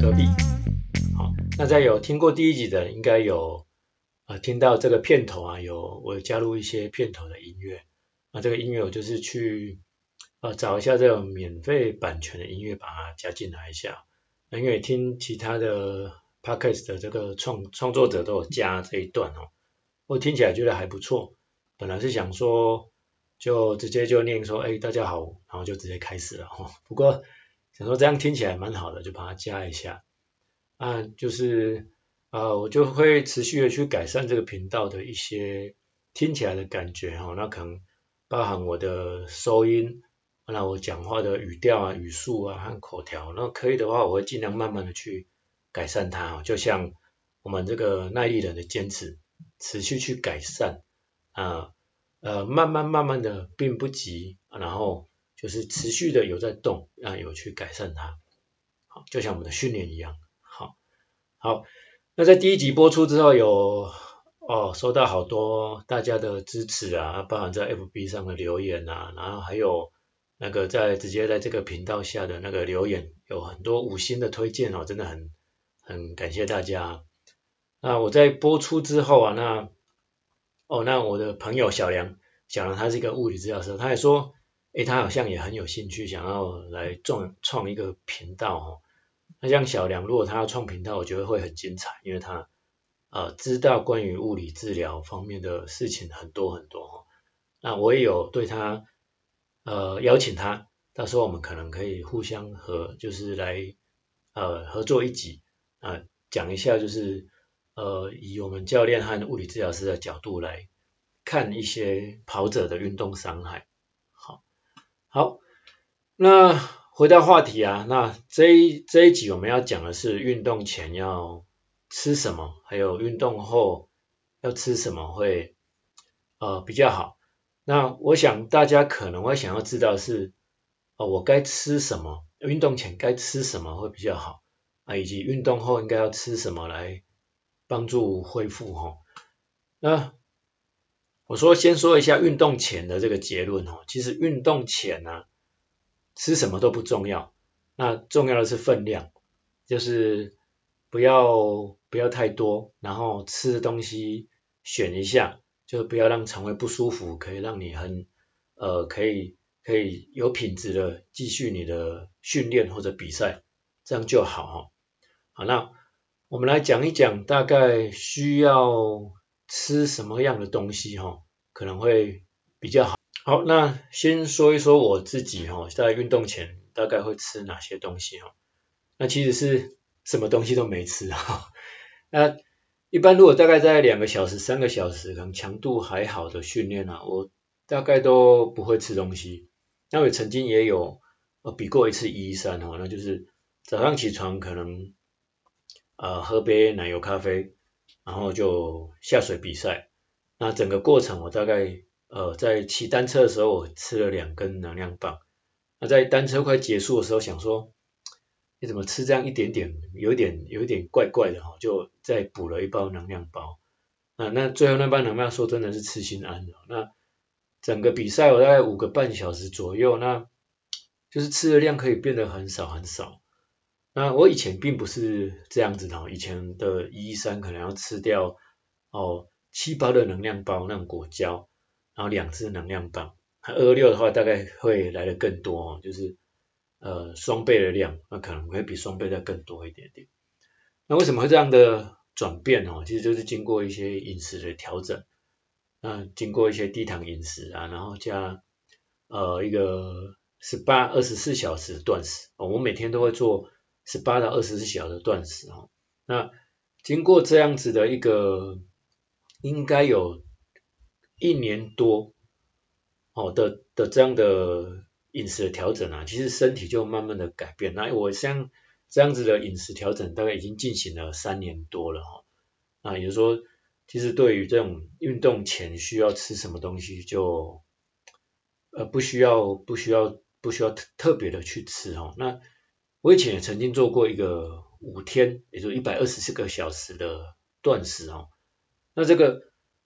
隔壁好，大家有聽過第一集的，應該有啊、呃，聽到這個片頭啊，有我有加入一些片頭的音樂，那這個音樂我就是去呃找一下這種免費版權的音樂，把它加進來一下。因為聽其他的 podcast 的這個創創作者都有加這一段哦，我聽起來覺得還不錯。本來是想說就直接就念說，哎，大家好，然後就直接開始了哦。不過。想說這樣聽起來蠻好的，就把它加一下。啊，就是啊、呃，我就會持續的去改善這個頻道的一些聽起來的感覺哈、哦。那可能包含我的收音，那、啊、我講話的語調啊、語速啊和口條，那可以的話，我會盡量慢慢的去改善它，哦、就像我們這個耐力人的堅持，持續去改善啊，呃，慢慢慢慢的，並不急，啊、然後。就是持續的有在動，啊，有去改善它，好，就像我們的訓練一樣，好，好，那在第一集播出之後有，有哦收到好多大家的支持啊，啊包含在 FB 上的留言吶、啊，然後還有那個在直接在這個頻道下的那個留言，有很多五星的推薦哦，真的很很感謝大家、啊。那我在播出之後啊，那哦，那我的朋友小梁，小梁他是一個物理治療師，他還說。誒，他好像也很有興趣，想要來創創一個頻道哦，那像小梁，如果他要創頻道，我覺得會很精彩，因為他呃知道關於物理治療方面的事情很多很多哦，那我也有對他呃邀請他，到時候我們可能可以互相和就是來呃合作一集啊，呃，講一下就是呃以我們教練和物理治療師的角度來看一些跑者的運動傷害。好，那回到話題啊，那這一這一集我們要講的是運動前要吃什麼，還有運動後要吃什麼會呃比較好。那我想大家可能會想要知道是，哦、呃、我該吃什麼，運動前該吃什麼會比較好啊，以及運動後應該要吃什麼來幫助恢復吼、哦、那。我說先說一下運動前的這個結論哦，其實運動前呢，啊，吃什麼都不重要，那重要的是分量，就是不要不要太多，然後吃的東西選一下，就是不要讓腸胃不舒服，可以讓你很呃可以可以有品質的繼續你的訓練或者比賽，這樣就好哦。好，那我們來講一講大概需要。吃什麼樣的東西哈、哦，可能會比較好。好，那先說一說我自己哈、哦，在運動前大概會吃哪些東西哈、哦？那其實是什麼東西都沒吃啊。 那一般如果大概在兩個小時、三個小時，可能強度還好的訓練呢、啊，我大概都不會吃東西。那我曾經也有，呃，比過一次一一三哈、哦，那就是早上起床可能，呃，喝杯奶油咖啡。然後就下水比賽，那整個過程我大概，呃，在騎單車的時候我吃了兩根能量棒，那在單車快結束的時候想說，你怎麼吃這樣一點點，有點有點怪怪的哈、哦，就再補了一包能量包，啊，那最後那包能量說真的是吃心安了，那整個比賽我大概五個半小時左右，那就是吃的量可以變得很少很少。那我以前並不是這樣子的哦，以前的一一三可能要吃掉哦七包的能量包那種果膠，然後兩支能量棒，二二六的話大概會來的更多哦，就是呃雙倍的量，那可能會比雙倍再更多一點點。那為什麼會這樣的轉變哦？其實就是經過一些飲食的調整，那、呃、經過一些低糖飲食啊，然後加呃一個十八二十四小時斷食哦，我每天都會做。十八到二十四小時的斷食哦，那經過這樣子的一個，應該有一年多，哦的的這樣的飲食的調整啊，其實身體就慢慢的改變。那我像這樣子的飲食調整，大概已經進行了三年多了哈。那也就是說，其實對於這種運動前需要吃什麼東西就，就呃不需要不需要不需要特特別的去吃哦。那我以前也曾經做過一個五天，也就是一百二十四個小時的斷食哦。那這個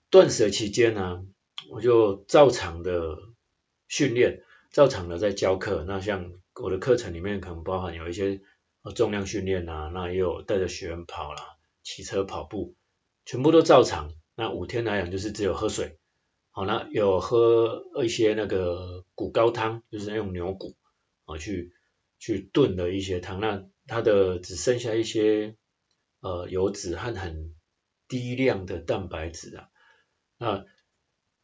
斷食的期間呢、啊，我就照常的訓練，照常的在教課。那像我的課程裡面可能包含有一些重量訓練啊，那也有帶着學員跑啦、啊，騎車、跑步，全部都照常。那五天來講，就是只有喝水。好，那有喝一些那個骨高湯，就是用牛骨啊去。去燉了一些湯，那它的只剩下一些呃油脂和很低量的蛋白質啊。那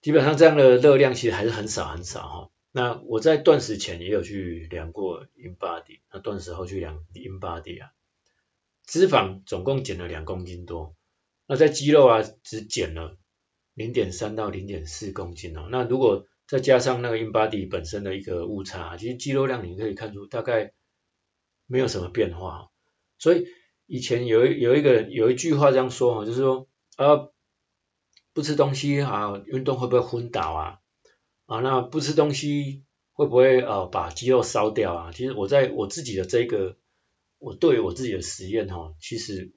基本上這樣的熱量其實還是很少很少哈、哦。那我在斷食前也有去量過 Inbody，那斷食後去量 Inbody 啊，脂肪總共減了兩公斤多，那在肌肉啊只減了零點三到零點四公斤哦。那如果再加上那個 e 巴 b 本身的一個誤差，其實肌肉量你可以看出大概沒有什麼變化。所以以前有一有一個有一句話這樣說哈，就是說呃、啊、不吃東西啊，運動會不會昏倒啊？啊那不吃東西會不會呃、啊、把肌肉燒掉啊？其實我在我自己的這個我對於我自己的實驗哈，其實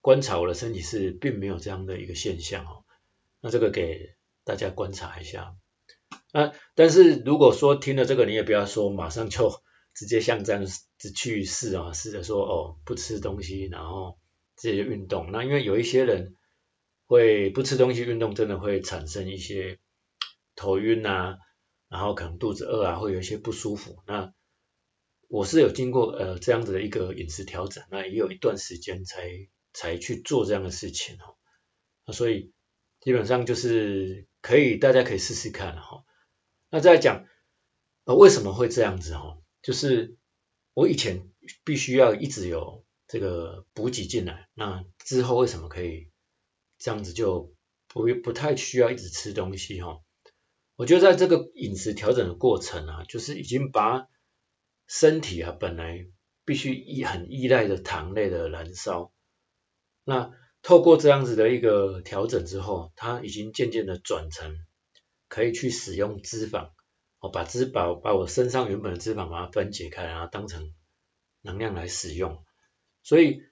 觀察我的身體是並沒有這樣的一個現象哦。那這個給大家觀察一下。那但是如果說聽了這個，你也不要說馬上就直接像這樣子去試啊，試着說哦，不吃東西，然後這些運動。那因為有一些人會不吃東西運動，真的會產生一些頭暈啊，然後可能肚子餓啊，會有一些不舒服。那我是有經過呃這樣子的一個飲食調整，那也有一段時間才才去做這樣的事情哦。那所以。基本上就是可以，大家可以試試看哈、哦。那再講，呃，為什麼會這樣子哦？就是我以前必須要一直有這個補給進來，那之後為什麼可以這樣子就不不太需要一直吃東西哦？我覺得在這個飲食調整的過程啊，就是已經把身體啊本來必須依很依賴的糖類的燃燒，那。透過這樣子的一個調整之後，它已經漸漸的轉成可以去使用脂肪，把脂肪，把我身上原本的脂肪把它分解開，然後當成能量來使用。所以，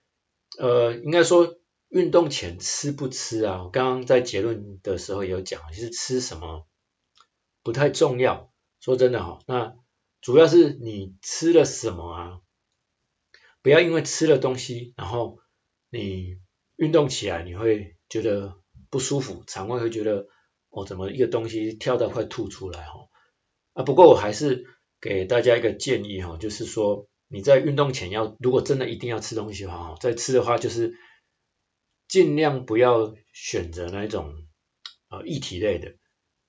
呃，應該說運動前吃不吃啊？我剛剛在結論的時候也有講，就是吃什麼不太重要。說真的哈、哦，那主要是你吃了什麼啊？不要因為吃了東西，然後你。運動起來你會覺得不舒服，腸胃會覺得，哦，怎麼一個東西跳到快吐出來哦。啊，不過我還是給大家一個建議哈、哦，就是說你在運動前要，如果真的一定要吃東西的話，哦，在吃的話就是盡量不要選擇那種啊、呃、液體類的，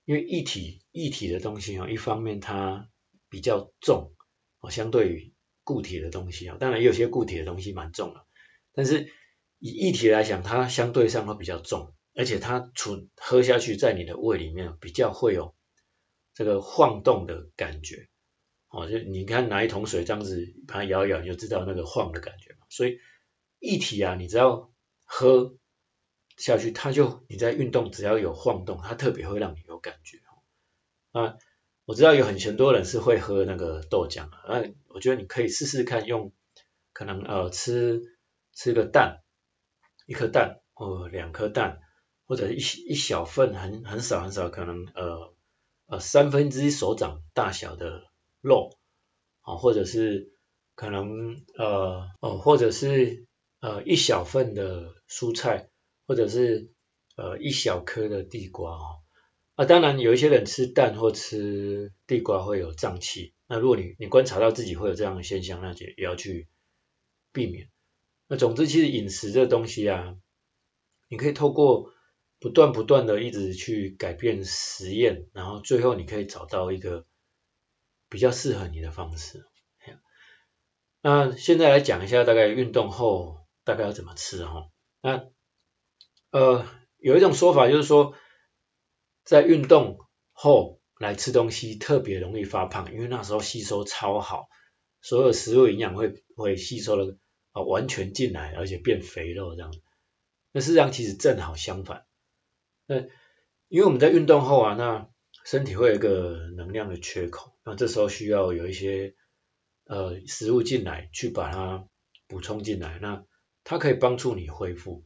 因為液體液體的東西哦，一方面它比較重哦，相對於固體的東西啊，當然有些固體的東西蠻重了，但是。以液體來講，它相對上會比較重，而且它存，喝下去在你的胃裡面比較會有這個晃動的感覺，哦，就你看拿一桶水這樣子把它搖一搖，你就知道那個晃的感覺嘛。所以液體啊，你只要喝下去，它就你在運動，只要有晃動，它特別會讓你有感覺。啊，我知道有很很多人是會喝那個豆漿，那我覺得你可以試試看，用可能呃吃吃個蛋。一顆蛋，或、哦、兩顆蛋，或者一一小份很很少很少，可能呃呃三分之一手掌大小的肉啊，或者是可能呃哦，或者是呃一小份的蔬菜，或者是呃一小顆的地瓜哦。啊，當然有一些人吃蛋或吃地瓜會有脹氣，那如果你你觀察到自己會有這樣的現象，那也也要去避免。那總之，其實飲食這東西啊，你可以透過不斷不斷的一直去改變實驗，然後最後你可以找到一個比較適合你的方式。那現在來講一下大概運動後大概要怎麼吃哈。那，呃，有一種說法就是說，在運動後來吃東西特別容易發胖，因為那時候吸收超好，所有食物營養會會吸收了。啊，完全進來，而且變肥肉這樣子。那事實上其實正好相反。那因為我們在運動後啊，那身體會有一個能量的缺口，那這時候需要有一些呃食物進來去把它補充進來。那它可以幫助你恢復，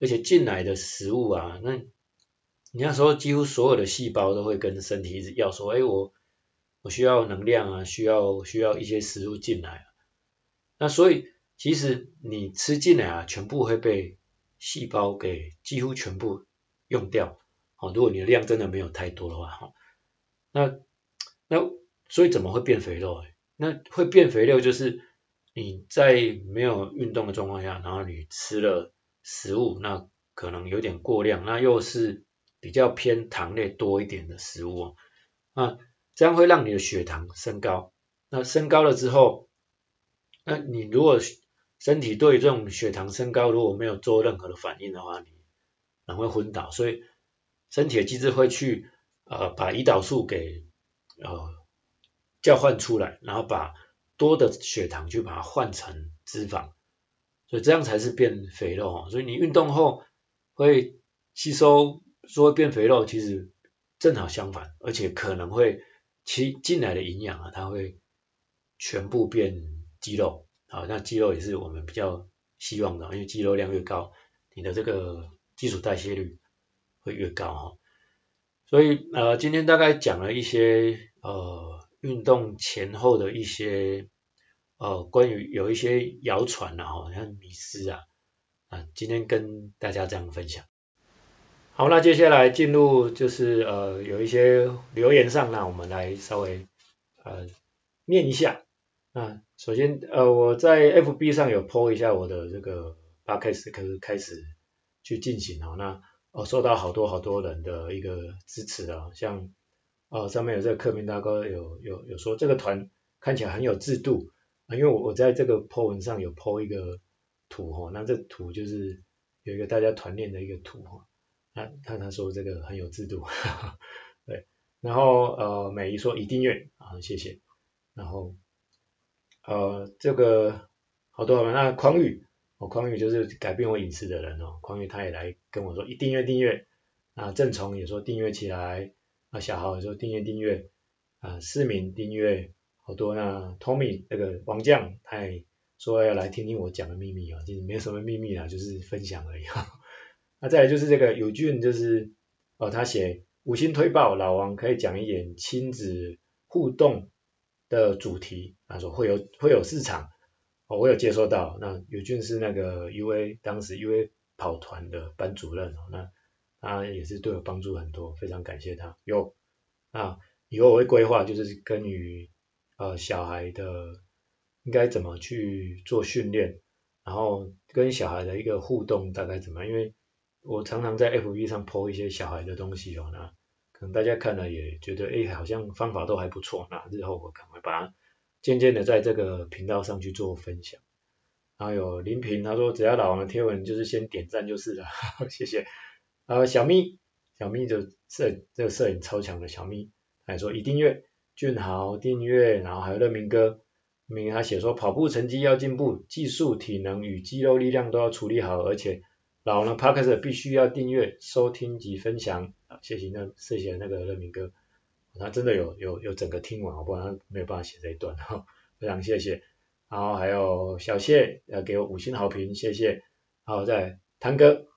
而且進來的食物啊，那你那時候幾乎所有的細胞都會跟身體一直要說，哎、欸，我我需要能量啊，需要需要一些食物進來。那所以。其實你吃進來啊，全部會被細胞給幾乎全部用掉。如果你的量真的沒有太多的話，好，那那所以怎麼會變肥肉？那會變肥肉就是你在沒有運動的狀況下，然後你吃了食物，那可能有點過量，那又是比較偏糖類多一點的食物，那這樣會讓你的血糖升高。那升高了之後，那你如果身體對於這種血糖升高，如果沒有做任何的反應的話，你可能會昏倒。所以身體的機制會去，呃，把胰島素給，呃，交換出來，然後把多的血糖去把它換成脂肪，所以這樣才是變肥肉。所以你運動後會吸收，說變肥肉，其實正好相反，而且可能會吸進來的營養啊，它會全部變肌肉。好，那肌肉也是我們比較希望的，因為肌肉量越高，你的這個基礎代謝率會越高哈、哦。所以呃，今天大概講了一些呃運動前後的一些呃關於有一些謠傳啊，像迷思啊，啊、呃，今天跟大家這樣分享。好，那接下來進入就是呃有一些留言上，那我們來稍微呃念一下啊。嗯首先，呃，我在 FB 上有 po 一下我的這個巴開始可是開始去進行，那呃、哦，收到好多好多人的一個支持啊，像哦、呃、上面有這個刻名大哥有有有說這個團看起來很有制度啊，因為我我在這個 po 文上有 po 一個圖哈，那這圖就是有一個大家團練的一個圖哈，他他他說這個很有制度， 對，然後呃美儀說一定願啊，謝謝，然後。呃，這個好多人那匡宇，哦，匡宇就是改變我飲食的人哦，匡宇他也來跟我說，一訂閱訂閱，啊，正從也說訂閱起來，啊，小豪也說訂閱訂閱，啊、呃，市民訂閱，好多那 Tommy 那個王將他也說要來聽聽我講的秘密啊，其實沒什麼秘密啦，就是分享而已，啊。那再來就是這個友俊，就是哦、呃，他寫五星推爆，老王可以講一點親子互動。的主題，他說會有會有市場，我有接收到。那尤俊是那個 U A 當時 U A 跑團的班主任，那他也是對我幫助很多，非常感謝他。有、啊，那以後我會規劃，就是關於呃小孩的應該怎麼去做訓練，然後跟小孩的一個互動大概怎麼樣，因為我常常在 F B 上 po 一些小孩的東西哦，那。可能大家看了也覺得，哎、欸，好像方法都還不錯。那日後我可能會把它漸漸的在這個頻道上去做分享。然後有林平他說，只要老王的貼文就是先點讚就是了，呵呵謝謝。然後小咪，小咪就、這個、攝，這個攝影超強的小咪，他說已訂閱。俊豪訂閱，然後還有樂明哥，明他寫說跑步成績要進步，技術、體能與肌肉力量都要處理好，而且。好呢，Parker 必須要訂閱、收聽及分享，啊、謝謝那謝謝那個人明哥，他、啊、真的有有有整個聽完，好不然沒有辦法寫這一段呵呵，非常謝謝。然後還有小謝要、呃、給我五星好評，謝謝。然、啊、後再湯哥、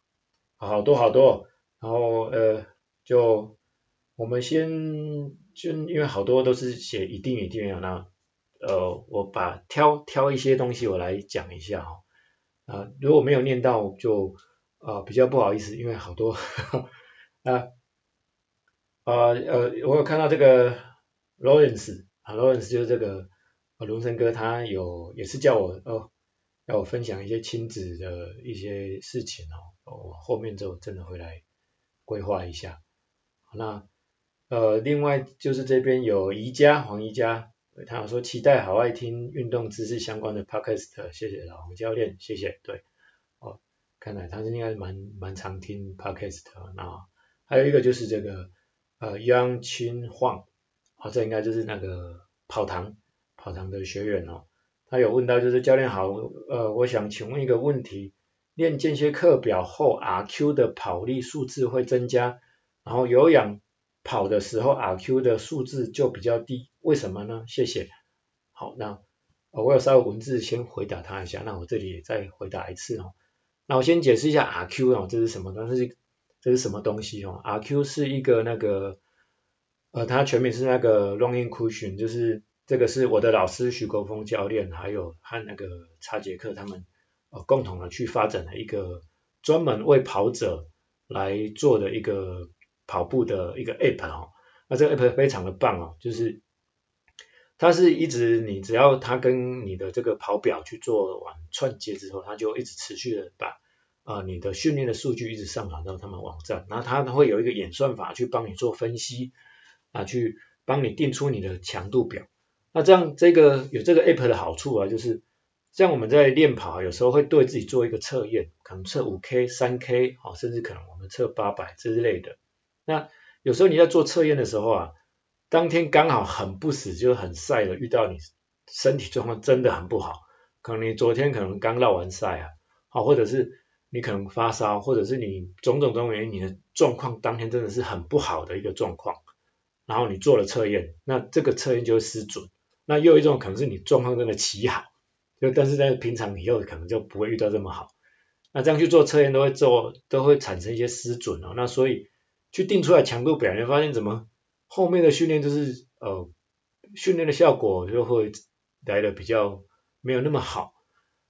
啊，好多好多。然後呃，就我們先就因為好多都是寫一定、一定要啊，呃，我把挑挑一些東西我來講一下哈、啊，如果沒有念到就。啊、呃，比較不好意思，因為好多哈，啊呃，呃，我有看到這個 Lawrence 啊，Lawrence 就是這個啊、龍生哥，他有也是叫我哦，要我分享一些親子的一些事情哦，我後面就真的會來規劃一下。那呃，另外就是這邊有宜家黃宜家，他有說期待好愛聽運動知識相關的 Podcast，謝謝老黃教練，謝謝，對。看來他是應該蠻蠻常聽 podcast 的。哦，還有一個就是這個呃 Young Chin Huang，哦，這應該就是那個跑堂跑堂的學員哦，他有問到就是，嗯，教練好，呃，我想請問一個問題，練間歇課表後 RQ 的跑力數字會增加，然後有氧跑的時候 RQ 的數字就比較低，為什麼呢？謝謝。好，那，哦，我有稍微文字先回答他一下，那我這裡也再回答一次哦。那我先解釋一下 RQ 哦，這是什麼？這是這是什麼東西哦？RQ 是一個那個呃，它全名是那個 Running Quotient，就是這個是我的老師徐國峰教練，還有和那個查杰克他們呃共同的去發展的一個專門為跑者來做的一個跑步的一個 App 哦。那這個 App 非常的棒哦，就是。它是一直，你只要它跟你的這個跑表去做完串接之後，它就一直持續的把啊、呃、你的訓練的數據一直上傳到他們網站，然後它會有一個演算法去幫你做分析啊，去幫你定出你的強度表。那這樣這個有這個 app 的好處啊，就是像我們在練跑、啊，有時候會對自己做一個測驗，可能測五 K、三 K，哦，甚至可能我們測八百之類的。那有時候你在做測驗的時候啊。當天剛好很不死，就很曬了。遇到你身體狀況真的很不好，可能你昨天可能剛繞完賽啊，好、哦，或者是你可能發燒，或者是你種種種原因，你的狀況當天真的是很不好的一個狀況。然後你做了測驗，那這個測驗就會失準。那又一種可能是你狀況真的奇好，就但是在平常以後可能就不會遇到這麼好。那這樣去做測驗都會做，都會產生一些失準哦。那所以去定出來強度表，你會發現怎麼？後面的訓練就是呃，訓練的效果就會來的比較沒有那麼好。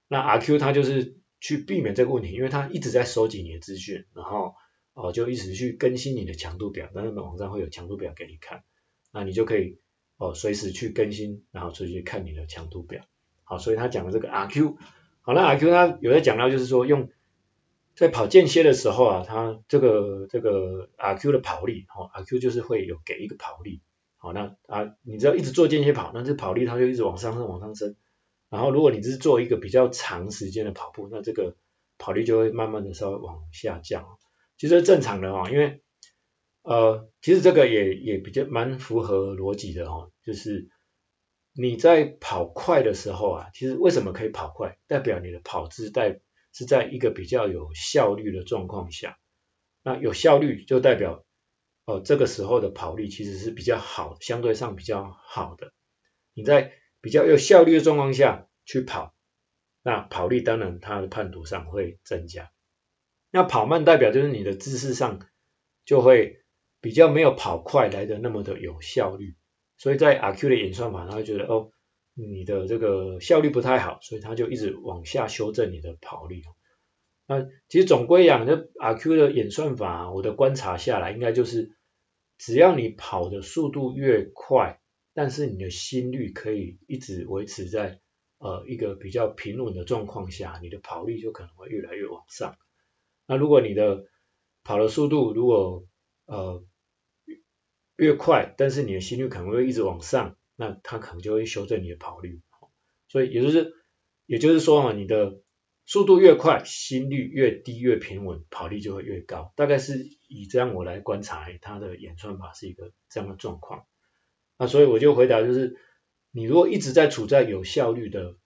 那阿 Q 他就是去避免這個問題，因為他一直在收集你的資訊，然後哦、呃、就一直去更新你的強度表，但是網站會有強度表給你看，那你就可以哦、呃、隨時去更新，然後出去看你的強度表。好，所以他講的這個阿 Q，好，那阿 Q 他有在講到就是說用。在跑間歇的時候啊，他這個這個阿 Q 的跑力，哈、哦，阿 Q 就是會有給一個跑力，好、哦，那啊，你只要一直做間歇跑，那這跑力它就一直往上升往上升。然後如果你只是做一個比較長時間的跑步，那這個跑力就會慢慢的稍微往下降。其實正常的啊、哦，因為呃，其實這個也也比較蠻符合邏輯的哈、哦，就是你在跑快的時候啊，其實為什麼可以跑快？代表你的跑姿代是在一個比較有效率的狀況下，那有效率就代表哦，這個時候的跑力其實是比較好，相對上比較好的。你在比較有效率的狀況下去跑，那跑力當然它的判讀上會增加。那跑慢代表就是你的姿勢上就會比較沒有跑快來的那麼的有效率，所以在 RQ 的演算法他會覺得哦。你的這個效率不太好，所以他就一直往下修正你的跑力。那其實總歸講，這 RQ 的演算法啊，我的觀察下來，應該就是只要你跑的速度越快，但是你的心率可以一直維持在呃一個比較平穩的狀況下，你的跑力就可能會越來越往上。那如果你的跑的速度如果呃越快，但是你的心率可能會一直往上。那他可能就會修正你的跑率，所以也就是也就是說啊，你的速度越快，心率越低越平穩，跑率就會越高。大概是以這樣我來觀察，欸、他的演算法是一個這樣的狀況。那所以我就回答就是，你如果一直在處在有效率的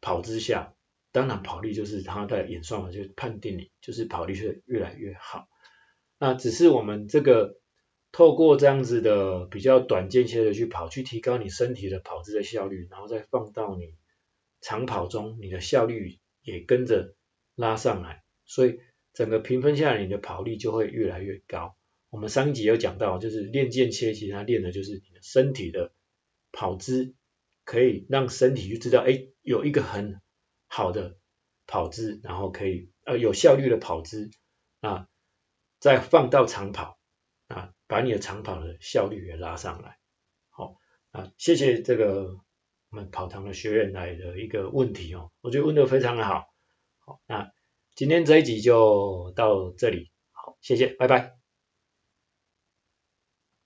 跑之下，當然跑率就是他的演算法就判定你就是跑率是越來越好。那只是我們這個。透過這樣子的比較短間歇的去跑，去提高你身體的跑姿的效率，然後再放到你長跑中，你的效率也跟着拉上來，所以整個評分下來，你的跑力就會越來越高。我們上一集有講到，就是練間歇，其實它練的就是你的身體的跑姿，可以讓身體就知道，哎，有一個很好的跑姿，然後可以呃有效率的跑姿啊，再放到長跑啊。把你的長跑的效率也拉上來，好啊，謝謝這個我們跑堂的學員來的一個問題哦，我覺得問的非常的好，好，那今天這一集就到這裡，好，謝謝，拜拜。